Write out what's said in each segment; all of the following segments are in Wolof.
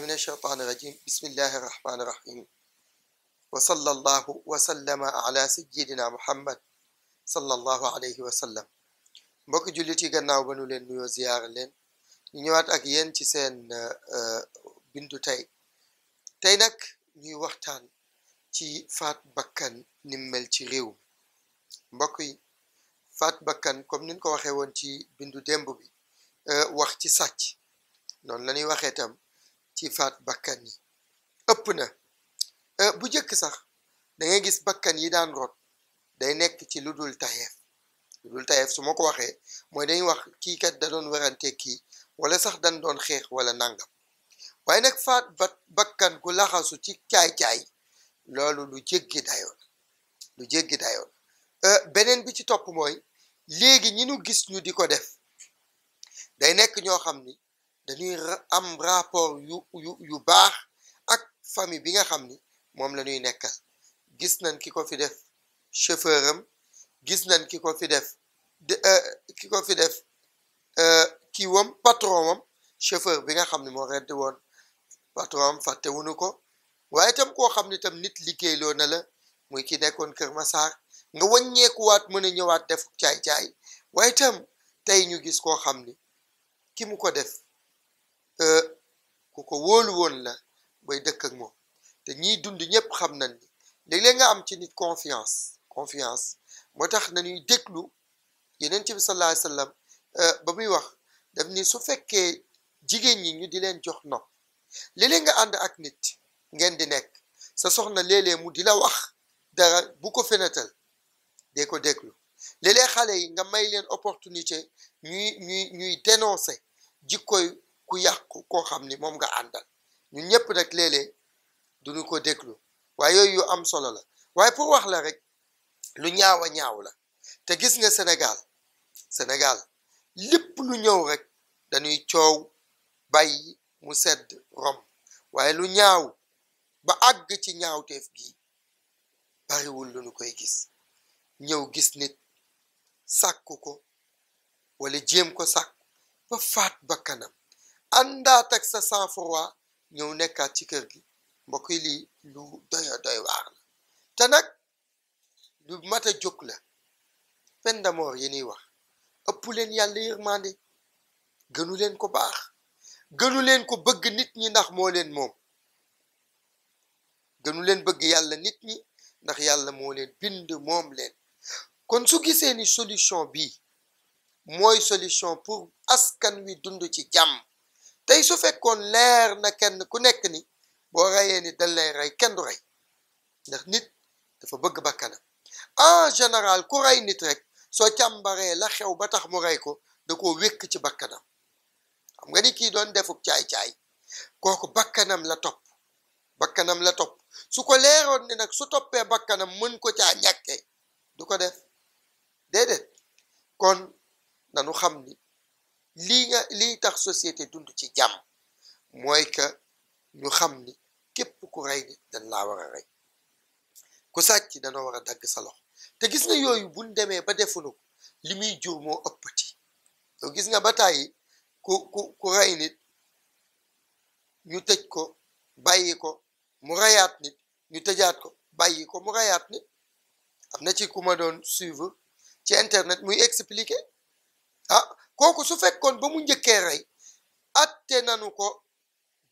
billahi min ashaytaani rajim bismillahi rahmaani rahim wa sallallahu wa sallama ala sayyidina muhammad sallallahu alayhi wa sallam mbokki jullit yi gannaaw ba nu leen nuyoo ziyaar leen ñu ñëwaat ak yéen ci seen uh, bindu tey tey nag ñuy waxtaan ci faat bakkan ni mel ci réew mbokk yi faat bakkan comme niñ ko waxee woon ci bindu démb bi uh, wax ci sàcc noonu la ñuy tam ci faat bakkan yi ëpp na eh, bu jëkk sax da gis bakkan yi daan rot day nekk ci lu dul tayeef lu dul tayeef su ma ko waxee mooy dañuy wax kii ka da doon werante kii wala sax dañ doon xeex wala nangam waaye nag faat bakkan gu laxasu ci caay-caay loolu lu jéggi dayoon lu jéggi dayoon eh, beneen bi ci topp mooy léegi ñi nu gis ñu di ko def day nekk ñoo xam ni dañuy am rapport yu yu yu baax ak famille bi nga xam ni moom la ñuy nekkal gis nañ ki ko fi def chauffeur am gis nañ ki ko fi def de euh, ki fi def euh, kii wam patron wam chauffeur bi nga xam ne moo rente woon patron am fàtte wuñu ko waaye itam koo xam ne itam nit liggéeyloo na la muy ki nekkoon Kër Massar nga wàññeekuwaat mën a ñëwaat def caay-caay waaye itam tey ñu gis koo xam ni ki mu ko def ku ko wóolu woon la bay dekk ak moom te ñi dund ñëpp xam nañ ni léeg-léeg nga am ci nit confiance confiance motax nañuy déglu yenen ci bi sallallahu alayhi wasallam euh, ba muy wax daf ni su fekke jigéen ñi ñu di leen jox nopp léeg-léeg nga and ak nit ngeen di nek sa soxna léeg mu dila wax dara bu ko fenetal dee ko déglu léeg-léeg xale yi nga may leen opportunité ñuy ñuy ñuy dénoncer jikko ku yàqu koo xam ni moom nga àndal ñun ñëpp rek léeg-léeg duñu ko déglu waaye yooyu yu am solo la waaye pour wax la rek lu ñaaw a ñaaw la te gis nga Sénégal Sénégal lépp lu ñëw rek dañuy coow bàyyi mu sedd rom waaye lu ñaaw ba àgg ci ñaaw ñaawteef gi bariwul lu ñu koy gis ñëw gis nit sàkku ko wala jéem ko sàkk ba faat bakkanam àndaat ak sa froid ñëw nekkaat ci kër gi mbokk yi lii lu doya doy waar la te nag lu mat a jóg la peine de mort yi ñuy wax ëpp leen yàlla yërmande gënu leen ko baax gënu leen ko bëgg nit ñi ndax moo leen moom gënu leen bëgg yàlla nit ñi ndax yàlla moo leen bind moom leen kon su gisee solution bi mooy solution pour askan wi dund ci jàmm tey su fekkoon leer na kenn ku nekk ni boo reyee ni dañ lay rey kenn du rey ndax nit dafa bëgg bakkanam en général ku rey nit rek soo càmbaree la xew ba tax mu rey ko da koo wékk ci bakkanam xam nga ni kii doon defuk caay-caay kooku bakkanam la topp bakkanam la topp su ko leeroon ni nag su toppee bakkanam mën ko caa ñàkkee du ko def déedéet kon nanu xam ni lii nga lii tax société dund ci jàmm mooy que ñu xam ni képp ku rey ni dañ laa war a rey ku sàcc dano war a dagg sa loxo te gis nga yooyu buñ demee ba defuñu li muy jur moo ëppati yow gis nga ba tàyyi ku ku ku rey nit ñu tëj ko bàyyi ko mu reyaat nit ñu tëjaat ko bàyyi ko mu reyaat nit am na ci ku ma doon suivre ci internet muy expliquer ah kooku su fekkoon ba mu njëkkee rey atte nanu ko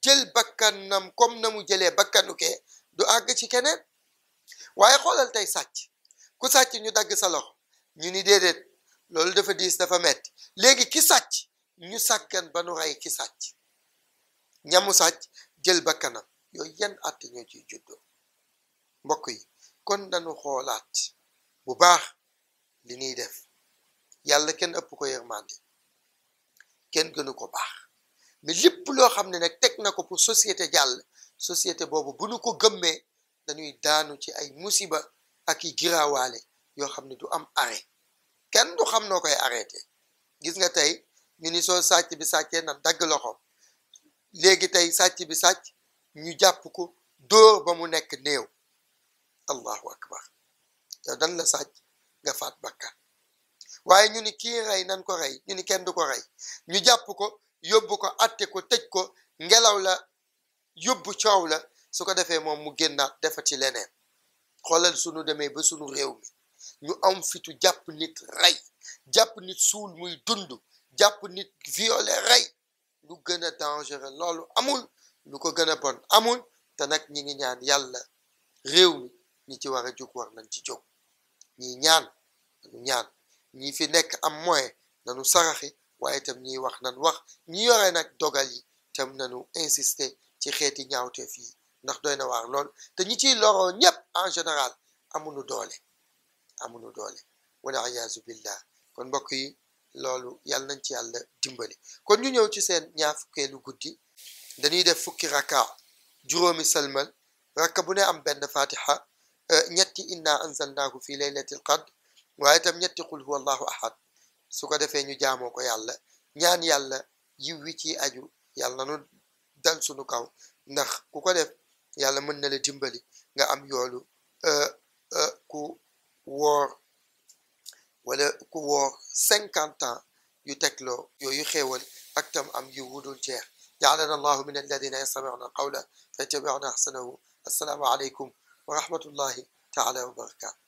jël bakkanam kom na mu jëlee bakkanu kee du àgg ci keneen waaye xoolal tey sàcc ku sàcc ñu dagg sa loxo ñu ni déedéet loolu dafa diis dafa metti léegi ki sàcc ñu sàkkan ba nu rey ki sàcc ñamu sàcc jël bakkanam yooyu yan àtte ñu ciy juddoo mbokk yi kon dañu xoolaat bu baax li ñuy def yàlla kenn ëpp ko yërmande kenn gënu ko baax mi lépp loo xam ne nag teg na ko pour société jàll société boobu bu nu ko gëmmee dañuy daanu ci ay musiba ak i giraawaale yoo xam ne du am arrêt kenn du xam noo koy arrêté gis nga tey ñu ni soo sàcc bi sàccee na dagg loxoom léegi tey sàcc bi sàcc ñu jàpp ko dóor ba mu nekk néew allahu akbar yow dan la sàcc nga faat bakka waaye ñu ni kii rey nan ko rey ñu ni kenn du ko rey ñu jàpp ko yóbbu ko atte ko tëj ko ngelaw la yóbbu coow la su ko defee moom mu génnaat defa ci leneen xoolal sunu demee ba sunu réew mi ñu am fitu jàpp nit rey jàpp nit suul muy dund jàpp nit violé rey lu gën a dangereux loolu amul lu ko gën a bon amul te nag ñi ngi ñaan yàlla réew mi ñi ci war a jóg war nañ ci jóg ñi ñaan ñu ñaan ñi fi nek am moyen nanu saraxe waaye tam ñi wax nan wax ñi yore nak dogal yi tam nanu insister ci xéti ñaawteef fi ndax doyna na waar lool te ñi ci loro ñep en général amunu doole amunu doole wala ayaz billah kon mbokk yi loolu yal nañ ci yàlla dimbali kon ñu ñëw ci seen ñaar fukkeelu guddi dañuy def fukki raka juróomi salmal rakka bu ne am benn fatiha ñetti inna anzalnahu fi laylatil qadr waaye tam ñetti xul huwa allahu ahad su ko defee ñu jaamoo ko yàlla ñaan yàlla yiw wi ci aju yàlla nu dal sunu kaw ndax ku ko def yàlla mën na la timbali nga am yoolu euh, euh, ku woor wala ku woor cinquante ans yu tegloo yooyu xéewal ak tam am yu wudul jeex jaalana allahu min alladina yastamiuna alqawla fa yattabiuna ahsanahu assalaamu aleykum wa rahmatullahi taala wa barakatu